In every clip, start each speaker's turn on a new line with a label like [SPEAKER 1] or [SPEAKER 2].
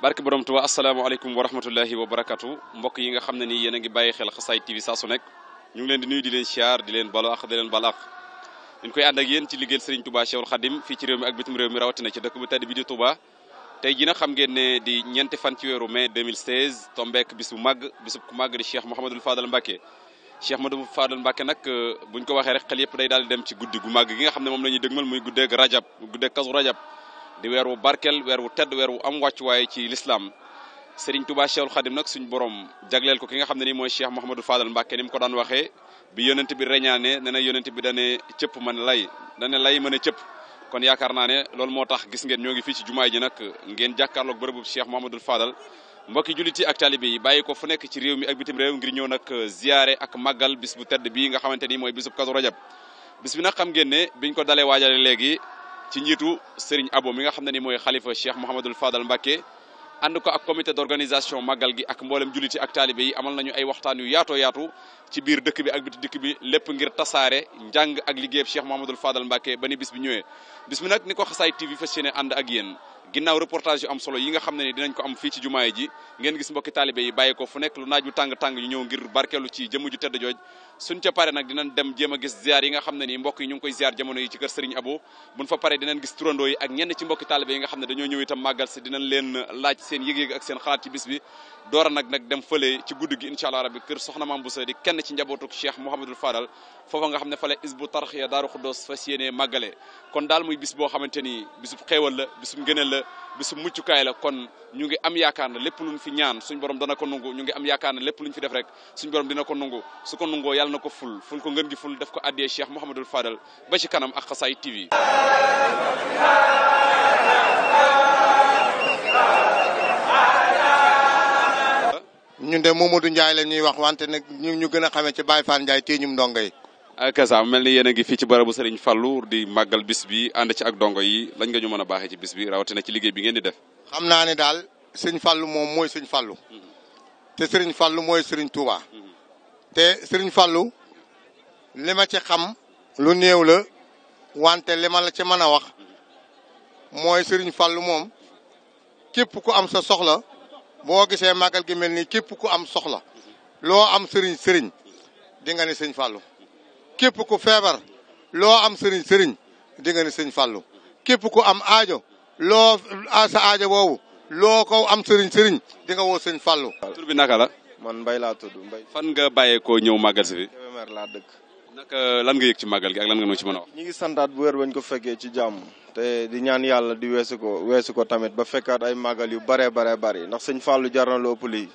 [SPEAKER 1] barke borom Tuubaa asalaamaaleykum wa rahmatullahi wa barakatu mbokk yi nga xam ne nii yéen a ngi bàyyi xel Xasaayid TV saa nekk ñu ngi leen di nuyu di leen siyaar di leen balu àq di leen balu àq koy ànd ak yéen ci liggéeyal Serigne Touba Cheikhul Khadim fii ci réew mi ak bitim réew mi rawatina ci dëkk bu tedd di Touba tey jii nag xam ngeen ne di ñeenti fan ci weeru mai 2016 tombeek bis bu màgg bis bu màgg di Cheikh Mouhamadul Fadal Mbacke Cheikh Mouhamadul Fadal Mbacke nag euh, buñ waxee rek yëpp day daal di dem ci guddi gu màgg gi nga xam ne moom la ñuy dëgmal muy guddeeg rajab guddeeg kasu rajab di weer wu barkel weer wu tedd weer wu am waay ci lislaam Serigne Touba Cheikhul Khadim nag suñ borom jagleel ko ki nga xam ne nii mooy Cheikh Mouhamadou Fadal Mbacke ni mu ko daan waxee bi yonent bi reñaane ne na yonent bi dane cëpp man lay dane lay mën a cëpp kon yaakaar naa ne loolu moo tax gis ngeen ñoo ngi fii ci jumaay ji nag ngeen jàkkaarloog bërëbu Cheikh Mouhamadou Fadal mbokki jullit yi ak taalibe yi bàyyi ko fu nekk ci réew mi ak bitim réew ngir ñëw nag ziyaare ak màggal bis bu tedd bii nga xamante ni mooy bisub Kazu Rajab bis bi nag xam ngeen ne biñ ko dalee waajale léegi ci njitu Serigne Abo mi nga xamne ni moy khalifa Cheikh Mouhamadul Fadal mbake ànd ko ak comité d'organisation magal gi ak mboolem julliti ak talibé yi amal nañu ay waxtaan yu yaatoo yaatu ci biir dëkk bi ak biti dëkk bi lépp ngir tassaré njàng ak liggéeyab Cheikh Mouhamadul Fadal mbake bani bis bi ñëwé bis mi nak niko xassay TV fassiyene ànd ak yéen ginnaaw reportage yu am solo yi nga xam ne ni dinañ ko am fii ci jumaay ji ngeen gis mbokki taalibe yi bàyyi ko fu nekk lu naaj wu tàng-tàng ñu ñëw ngir barkeelu ci jëmm ju tedd jooj suñ ca pare nag dinañ dem jéem a gis ziar yi nga xam ne ni mbokk yi koy ziar jamono yi ci kër Serigne Abo buñ fa pare dinañ gis turandoo ak ñenn ci mbokki taalibe yi nga xam ne dañoo ñëw itam màggal si dinañ leen laaj seen yëg-yëg ak seen xalaat ci bis bi door nag nag dem fële ci guddi gi incha allah bi kër soxna mam Bousso di kenn ci njabootuk cheikh Mouhamadul Fadal foofa nga xam ne fale isbu tarxiya daaru xuddoos fas yéene màggale kon daal muy bis boo xamante ni bisub xéewal la bisub ngëneel la bisub muccukaay la kon ñu ngi am yaakaar ne lépp luñ fi ñaan suñ borom dana ko nungu ñu ngi am yaakaar lépp luñ fi def rek suñ borom dina ko nungu su ko nungoo yàlla na ko ful ful ko ngën gi ful def ko addee cheikh Mouhamadul Fadal ba ci kanam ak Qaça'id TV
[SPEAKER 2] ñun de Momadou Ndiaye la ñuy wax wante nag ñu ñu gën a xamee ci Baye Fall tee téeñum ndongo yi.
[SPEAKER 1] akasa mel ni yéen a ngi fii ci barabu Serigne Fallou di màggal bis bi ànd ci ak dongo yi lañ nga ñu mën a baaxee ci bis bi rawatina ci liggéey bi ngeen def.
[SPEAKER 2] xam naa ne daal sëñ Fallou moom mooy sëñ Fallou. Mm-hmm. te Serigne Fallou mooy Serigne Touba. Mm-hmm. te Serigne li ma ci xam lu néew la wante li ma la ci mën a wax mm-hmm. mooy Serigne Fallou moom képp ku am sa soxla. boo gisee màggal gi mel nii képp ku am soxla loo am sëriñ sëriñ di nga sëñ Fallou képp ku feebar loo am sëriñ sëriñ di nga sëñ Fallou képp ku am aajo loo sa aajo boobu loo ko am sëriñ sëriñ di nga woo sëñ Fallou. tur bi naka la. man Mbaye laa tudd Mbaye.
[SPEAKER 1] fan nga bàyyeekoo ñëw màggal si laa dëkk. nak eh, lan nga yek ci magal gi ak lan nga no ci mën a wax.
[SPEAKER 2] ñu ngi santat bu wër bañ ko féké ci jamm té di ñaan yalla di wéssu ko wéssu ko tamit ba fekkaat ay magal yu bare bare bare ndax señ fallu jarna lo puli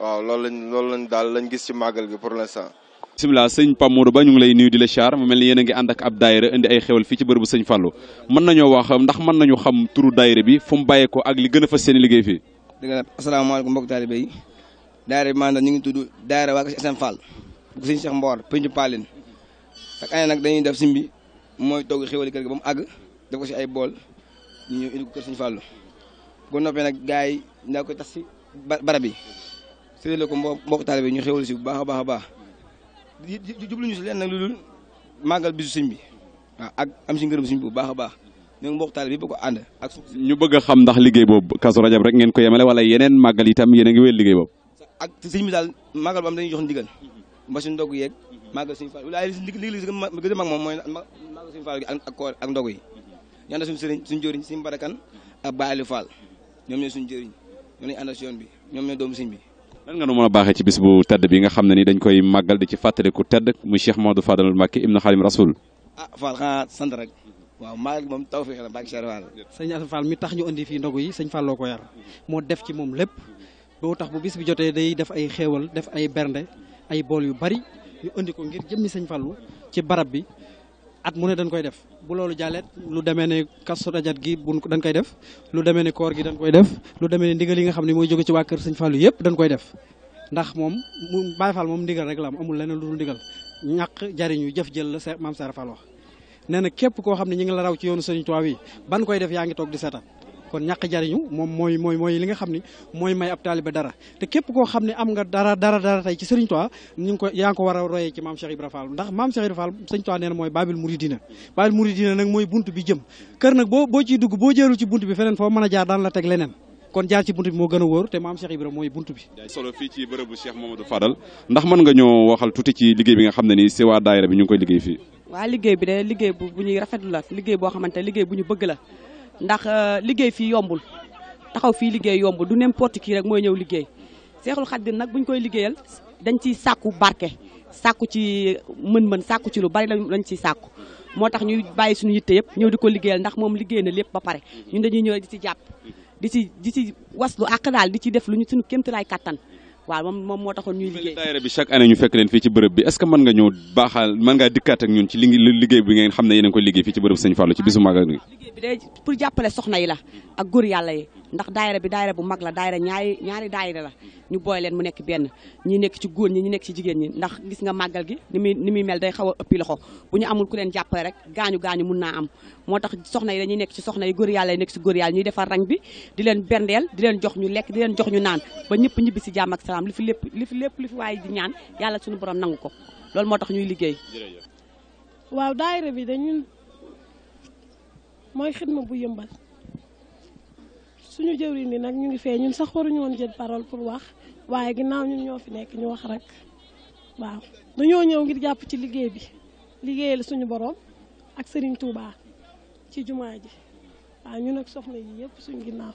[SPEAKER 2] waaw lool lañ lool lañ dal lañ gis ci magal gi pour
[SPEAKER 1] l'instant. bismillah señ Pape Ba ñu ngi lay nuyu di la char mu melni yeena yéen a ngi ànd ak ab daayira indi ay xewal fi ci bërbu señ fallu mën nañu wax ndax mën nañu xam turu daayira bi fu mu bàyyeekoo ak li gëna fa seen liggéey fi
[SPEAKER 2] dëgg la asalaamaaleykum mbokk taalibe yi daayira ma maanaam ñu ngi tudd daayira ko señ Fall bu sëñ Cheikh Mbor Pencu Paline ak année nag dañuy def simbi mooy togg xéwali kër gi ba mu àgg def ko si ay bool ñu indi ko kër Sëñ Fallou bu noppee nag gars yi ndaa koy tas si barab yi séddale ko mbokk mbokk taalibe ñu xéwali si bu baax baax a baax jubluñu si leen nag lu dul màggal bisu sëñ bi waaw ak am si ngërëm sëñ bi bu baax a baax ñoo ngi mbokk taalibe yi ba ko ànd ak
[SPEAKER 1] ñu bëgg a xam ndax liggéey boobu Kazu Rajab rek ngeen ko yemale wala yeneen màggal itam yéen a ngi wéyal liggéey boobu
[SPEAKER 2] ak sëñ bi daal màggal bu am dañuy jox ndigal mba si ndog yeeg màggal suñu Fall walaay li a mag moom mooy màggal suñu Fall gi ak koor ak ndogu yi ñu ànd suñu sëriñ ñoom ñooy suñu jëriñ ñoo lañu bi ñoom ñooy doomu suñ bi
[SPEAKER 1] lan nga nu mën a baaxee ci bis bu tedd bi nga xam ne ni dañ koy màggal di ci fàttaliku tedd muy Cheikh Mamadou Fadal Mbacké ibn Xalim Rasul
[SPEAKER 2] ah Fall xanaa sant rek waaw maa moom taw fi xel Mbacké Cheikh Fall sëñ mi tax ñu indi fii ndogu yi sëñ Fall loo moo def ci moom lépp boo tax bu bis bi jotee day def ay xéewal def ay bernde ay bool yu bari ñu indi ko ngir jëmmi sañ Fallou ci barab bi at mu ne dañ koy def bu loolu jàllet lu demee ne kasu rajat gi bu dañ koy def lu demee ne koor gi dañ koy def lu demee ne ndigal yi nga xam ne mooy jóge ci waa kër sëñ Fallou yëpp dañ koy def ndax moom mu Baye Fall moom ndigal rek la am amul leneen lu dul ndigal ñàq jariñu jëf jël la maam Sara Fall wax nee képp koo xam ne ñu ngi la raw ci yoonu sëñ Tuubaa wi ban koy def yaa ngi toog di seetaan kon ñàkk jariñu moom mooy mooy mooy li nga xam ni mooy may ab taalibe dara te képp koo xam ne am nga dara dara dara tey ci Serigne ñu ngi ko yaa ngi ko war a royee ci maam Cheikh Ibra Fall ndax maam Cheikh Ibra Fall Serigne Touba nee na mooy Babil bi jëm kër nag boo boo ciy boo jëerul ci bunt bi feneen foo mën a jaar daan la teg leneen kon jaar ci bunt bi moo gën a wóor te bi
[SPEAKER 1] solo fii ci bërëbu Cheikh Mamadou ndax mën nga ñoo waxal tuti ci liggéey bi nga xam ne nii si waa daayira bi ñu ngi koy liggéey fii
[SPEAKER 3] waa liggéey bi de liggéey bu ñuy rafetlu la liggéey boo xamante liggéey bu ñu bëgg la ndax euh, liggéey fii yombul taxaw fii liggéey yombul du n'importe rek mooy ñëw liggéey seexul xaddim nag bu ñu koy liggéeyal dañ ciy sàkku barke sàkku ci mën-mën sàkku ci lu bari lañ ciy sàkku moo tax ñuy bàyyi suñu yitte yëpp ñëw di ko liggéeyal ndax moom liggéey na lépp ba pare ñun dañuy ñëw di ci jàpp di ci di ci waslu àq daal di ci def lu ñu suñu kéemtalaay kàttan waaw moom moom moo taxoon ñuy liggéey
[SPEAKER 1] daayira bi chaque année ñu fekk leen fii ci bërëb bi est-ce que mën nga ñëw baaxal mën ngaa dikkaat ak ñun ci liggéey bi ngeen xam ne yéen a ngi koy liggéey fii ci bërëb sëñ Fallou ci bisu magal
[SPEAKER 3] pour jàppale soxna la ak góor yàlla yi ndax daayira bi daayira bu mag la daayira ñaari ñaari daayira la ñu booy leen mu nekk benn ñi nekk ci góor ñi ñi nekk ci jigéen ñi ndax gis nga màggal gi ni muy mel day xaw a ëppi loxo bu ñu amul ku leen jàppale rek gaañu gaañu mun naa am moo tax soxna yi dañuy nekk ci soxna yi góor yàlla yi nekk ci góor yàlla ñuy defar rang bi di leen berndeel di leen jox ñu lekk di leen jox ñu naan ba ñëpp ñibbi si jàmm ak salaam li fi lépp li fi lépp li fi waaye di ñaan yàlla suñu borom nangu ko loolu moo tax ñuy liggéey
[SPEAKER 4] waaw daayira bi dañu mooy xidma suñu jëwriñ ni nag ñu ngi fee ñun sax waruñu woon jël parole pour wax waaye ginnaaw ñun ñoo fi nekk ñu wax rek waaw dañoo ñëw ngir jàpp ci liggéey bi liggéeyal suñu borom ak Serigne Touba ci jumaa ji waaw ñun ak soxna yi yëpp suñu ginnaaw.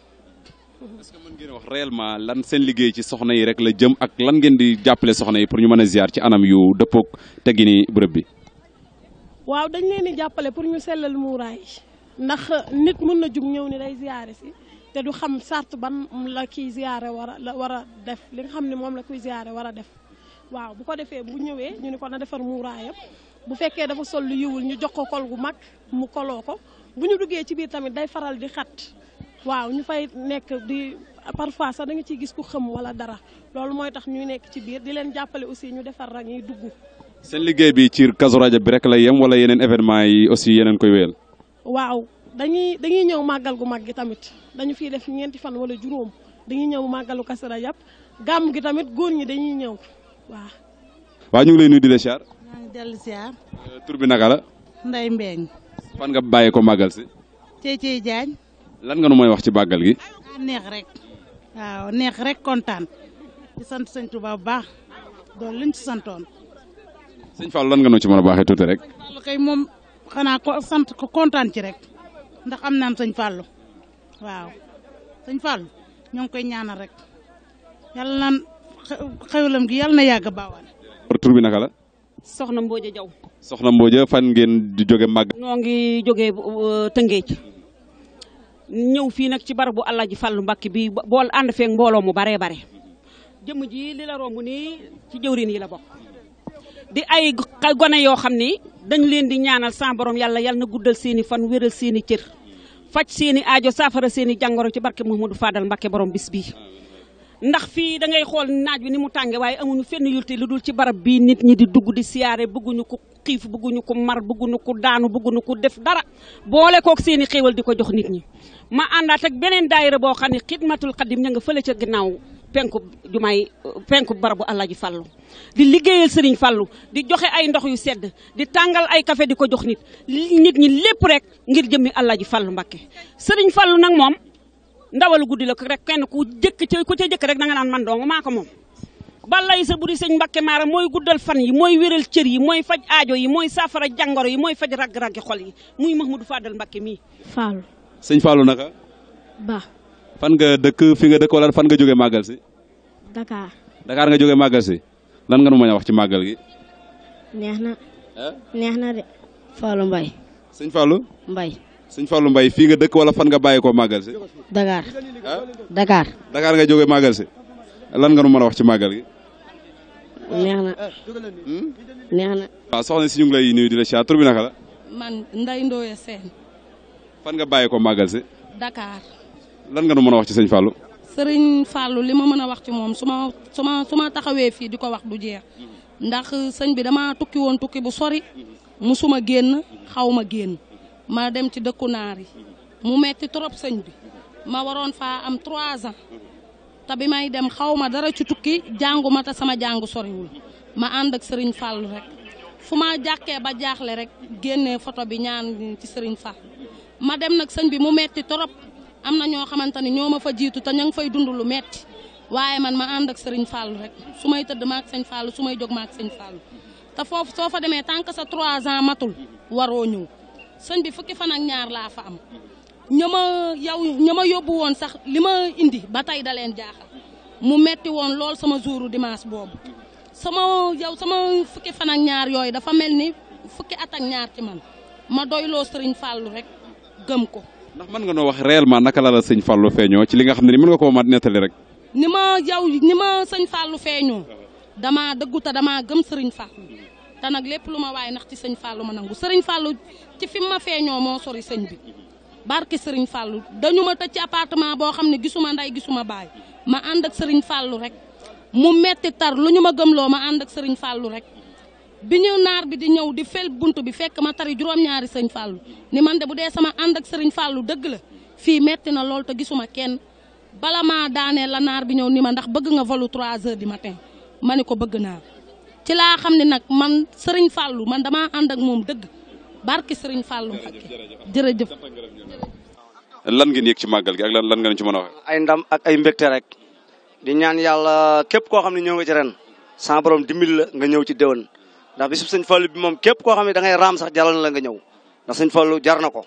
[SPEAKER 4] est wax
[SPEAKER 1] réellement lan seen liggéey ci soxna yi rek la jëm ak lan ngeen di jàppale soxna yi pour ñu mën a ziar ci anam yu dëppoog teggini bërëb bi.
[SPEAKER 4] waaw dañ leen di jàppale pour ñu sellal muuraay ndax nit mën na jug ñëw ni day si. te du xam sart ban la kiy ziyaare war a war a def li nga xam ne moom la kuy ziyaare war a def waaw bu ko defee bu ñëwee ñu ni ko na defar muuraayam bu fekkee dafa sol lu yiwul ñu jox ko kol gu mag mu koloo ko bu ñu duggee ci biir tamit day faral di xat waaw ñu fay nekk di parfois sax da nga ciy gis ku xëm wala dara loolu mooy tax ñuy nekk ci biir di leen jàppale aussi ñu defar rang yi
[SPEAKER 1] seen liggéey bi ci Kazu Rajab bi rek la yem wala yeneen événement yi aussi yeneen koy
[SPEAKER 4] dañuy dañuy ñew magal gu mag gi tamit dañu fi def ñenti fan wala juroom dañuy ñew magalu Kazu yap gam gi tamit goor ñi dañuy ñew wa
[SPEAKER 1] wa ñu ngi lay nuy di la siyaar.
[SPEAKER 5] maa ngi dellu siyaar. Euh, bi naka la. Ndeye Mbengue.
[SPEAKER 1] fan nga baye ko magal ci si.
[SPEAKER 5] Ceycey Diagne.
[SPEAKER 1] lan nga nu moy wax ci bagal gi.
[SPEAKER 5] Ah, neex rek waaw neex rek contane di sant seigne Touba bu baax doon luñ ci santone
[SPEAKER 1] seigne Fall lan nga nu ci mëna baxé tout rek.
[SPEAKER 5] Fall kay mom xana ko sant ko contane ci rek ndax am naam sëñ fàllu waaw sëñ fàllu ñoo ngi koy ñaanal rek yàlla naan xewlam gi yàlla na yàgg baawaan
[SPEAKER 1] tur bi naka la
[SPEAKER 6] soxna mbooja jaw
[SPEAKER 1] soxna mbooja fan ngeen di jóge mag
[SPEAKER 6] noo ngi jóge uh, tëngeej ñëw fii nag ci barabu ji Fàllu mbakki bi bool ànd feeg mbooloo mu bare bare jëmm ji li la romb nii ci jëwrin yi la bokk di ay gone yoo xam dañ leen di ñaanal sa borom yàlla yal na guddal seeni i fan wéral seen cër faj seeni aajo saafara seeni i jàngoro ci barke Mouhamadou Fadal Mbacke borom bis bi ndax fii da ngay xool naaj bi ni mu tàngee waaye amuñu fenn yulte lu dul ci barab bii nit ñi di dugg di siyaare bëgguñu ko xiif bëgguñu ko mar bëgguñu ko daanu bëgguñu ko def dara boole kook seen i xéewal di ko jox nit ñi. ma àndaat ak beneen daayira boo xam ne xidmatul xadim ña nga fële ca ginnaaw penku jumaay penku barabu alhaji fallu di liggéeyal sering fallu di joxe ay ndox yu sedd di tanggal ay café di ko jox nit nit ñi lepp rek ngir jëmmi alhaji fallu mbakke serigne fallu nak mom, ndawal guddi la rek kenn ku jëkk ci ku ci jëkk rek da nga naan man dong maa ko moom balay sa buri serigne mbakke mara moy guddal fan yi moy wëral cër yi moy faj aajo yi moy safara jangoro yi moy faj rag rag xol yi muy mahmoudou fadal mbakke mi fallu
[SPEAKER 1] serigne fallu naka ba fan nga dëkk fi nga dëkk wala fan nga jógee màggal si. Dakar. Dakar nga jógee màggal si lan nga nu mën wax ci màggal gi.
[SPEAKER 5] neex na. de. Fallou Mbaye. sëñ falu Mbaye.
[SPEAKER 1] sëñ Fallou Mbaye fii nga dëkk wala fan nga bàyyi koo màggal si.
[SPEAKER 5] Dakar. Dakar.
[SPEAKER 1] Dakar nga jógee màggal si lan nga nu mën a wax ci màggal gi.
[SPEAKER 5] neex na. Hmm? neex
[SPEAKER 1] na. si ngi lay nuyu di la si tur bi naka la.
[SPEAKER 5] man Ndeye Ndoye Sène.
[SPEAKER 1] fan nga bàyyi ko màggal si. Dakar. lan nga nu waktu seni wax ci falu lima
[SPEAKER 5] sëriñ fallu li ma mën wax ci mom suma suma suma taxawé fi ma wax du jeex ndax sëñ bi dama tukki won tukki bu sori musuma genn xawma genn ma dem ci dekkou naar mu metti trop sëñ bi ma waron fa am 3 ans te bi may dem xawma dara ci tukki janguma ta sama sama sori wul ma and ak sëriñ fallu rek fu ma ba jaaxle rek genné photo bi ñaan ci sëriñ Fallou ma dem nak bi mu metti trop amna ño xamantani xamante ma fa jitu ta ñang fay dund lu metti waye man ma and ak serigne Fall rek sumay teud ma ak serigne Fall sumay tafo ma ak serigne Fall ta fofu so fa demee tank sa 3 ans matul waro ñu serigne bi fukki fan ak ñaar la fa am ñama yow ña ma sax lima indi ba tey da jaaxal mu metti won lol sama jouru dimanche bobu sama yow sama fukki fan ak ñaar yoy dafa melni fukki at ak ñaar ci man ma doylo serigne Fall rek gem ko
[SPEAKER 1] ndax mën nga noo wax réellement naka la la sëñ Fallou feeñoo ci li nga xam ne ni mën nga koo mat nettali rek.
[SPEAKER 5] ni ma jaw ni ma sëñ Fallou feeñoo damaa dëggu te damaa gëm sëriñ Fallou te nag lépp lu ma waaye ndax ci sëñ Fallou ma nangu sëriñ Fallou ci fi ma feeñoo moo sori sëñ bi barke sëriñ Fallou dañu ma tëj ci appartement boo xam ne gisuma nday gisuma baay ma ànd ak sëriñ Fallou rek mu metti tar lu ñu ma gëmloo ma ànd ak sëriñ Fallou rek. bi nar nar bi di ñew di fel buntu bi fekk ma tari juroom ñaari serigne fallu ni man de bu sama andak ak serigne fallu Fi la fi metti na lol ta gisuma kenn bala ma daane la nar bi ñew ni ma ndax bëgg nga volu 3 h du matin maniko ko bëgg na ci la xamni nak man serigne fallu man dama and ak mom deug barki fallu fàllu jere jërëjëf
[SPEAKER 1] lan ngeen yek ci magal gi ak lan ngeen ci mëna a wax ay ndam ak ay mbekté rek
[SPEAKER 2] di ñaan yalla kep ko xamni ci ren sans borom nga ñew ci deewon ndax bisub sëñ Fallu bi moom képp koo xam ne da ngay raam sax jaral la nga ñëw ndax sëñ Fallu jar na ko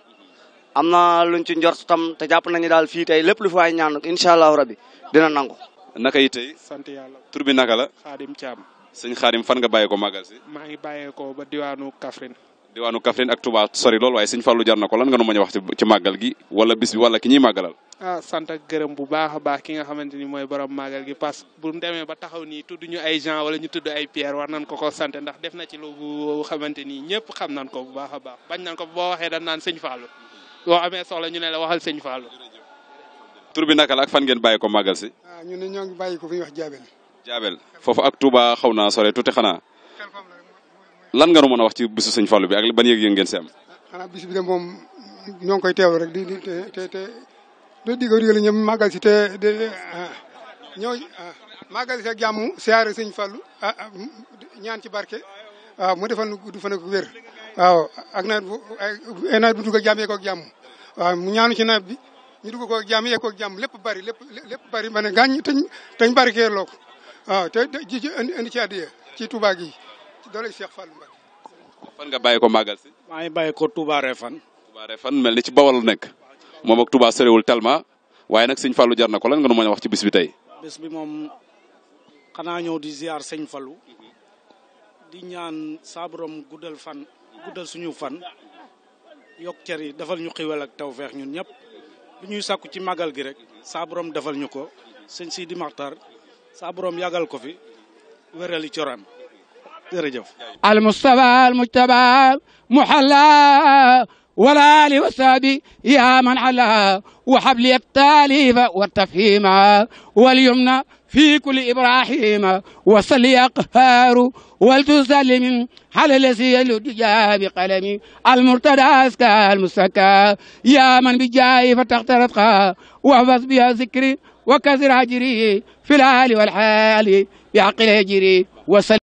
[SPEAKER 2] am na luñ ci njort tam te jàpp nañu daal fii tey lépp lu faay ñaan incha allahu rabbi
[SPEAKER 1] dina nangu. naka yi tey sant yàlla bi naka la. Xaadim Thiam. sëñ Xaadim fan nga bàyyeekoo ko si. maa ngi ko ba diwaanu Kaffrine. diwanu kafrin ak Touba sori lol way seigne fallu jar ko lan nga no mën wax ci magal gi wala bis bi wala ki ñi magalal ah Santa gërem bu baaxa baax ki nga xamanteni moy borom magal gi pass bu mu démé ba taxaw ni tuddu ñu ay Jean wala ñu tuddu ay Pierre war nañ ko ko santé ndax def na ci lu xamanteni ñepp xam nañ ko bu baaxa baax bañ nañ ko bo waxé dañ naan seigne fallu boo amé soxla ñu né la waxal seigne fallu tour bi nakala ak fan ngeen bayiko magal si. ah ñu ne ñong bayiko bàyyi ko fi wax jabel jabel fofu ak Touba xawna sori tuti xana lan nga nu mën a wax ci bisu sëñ Fallou bi ak ban yëg-yëg ngeen si am.
[SPEAKER 2] xanaa bis bi de moom ñoo koy teew rek di di te te te di digg ñoom màggal te de ah, ñoo ah, màggal si ak jàmm siyaare sëñ Fallou ah, ñaan ci barke
[SPEAKER 1] waaw mu defal nu gudd fan ak wér waaw ak nawet bu bu dugg ak jàmm yeeg ak waaw mu ñaanu ci nawet bi ñu dugg ko ak jàmm yeeg jàmm lépp bari lépp bari ma ne gaañ tañ tañ barkeeloo ko waaw te ji ci indi ci addiya ci Touba gi ci doole Cheikh Fallou fan nga bàyyi ko màggal si. maa ngi bàyyi ko Touba Refane. mel ni ci Bawol nekk moom ak Touba soriwul tellement waaye nag sëñ Fallou jar na ko lan nga nu mën a wax ci bis bi tey. bis bi moom xanaa ñëw di ziar sëñ falu di ñaan saaburam guddal fan guddal suñu fan yokk cër yi defal ñu xiwal ak taw tawfeex ñun ñëpp lu ñuy sàkku ci màggal gi rek saaburam defal ñu ko sëñ Sidi Maxtar saaburam yàggal ko fi wérali coram المصطفى المجتبى محلى والالي والسادي يا من علا وحبل التاليف والتفهيم واليمنى في كل إبراهيم وصل يا قهار ولتسلم على الذي يلجا بقلمي المرتدى أزكى المستكى يا من بجاي فتخترطها واحفظ بها ذكري وكسر
[SPEAKER 2] هجري في الآل والحال بعقل هجري وصل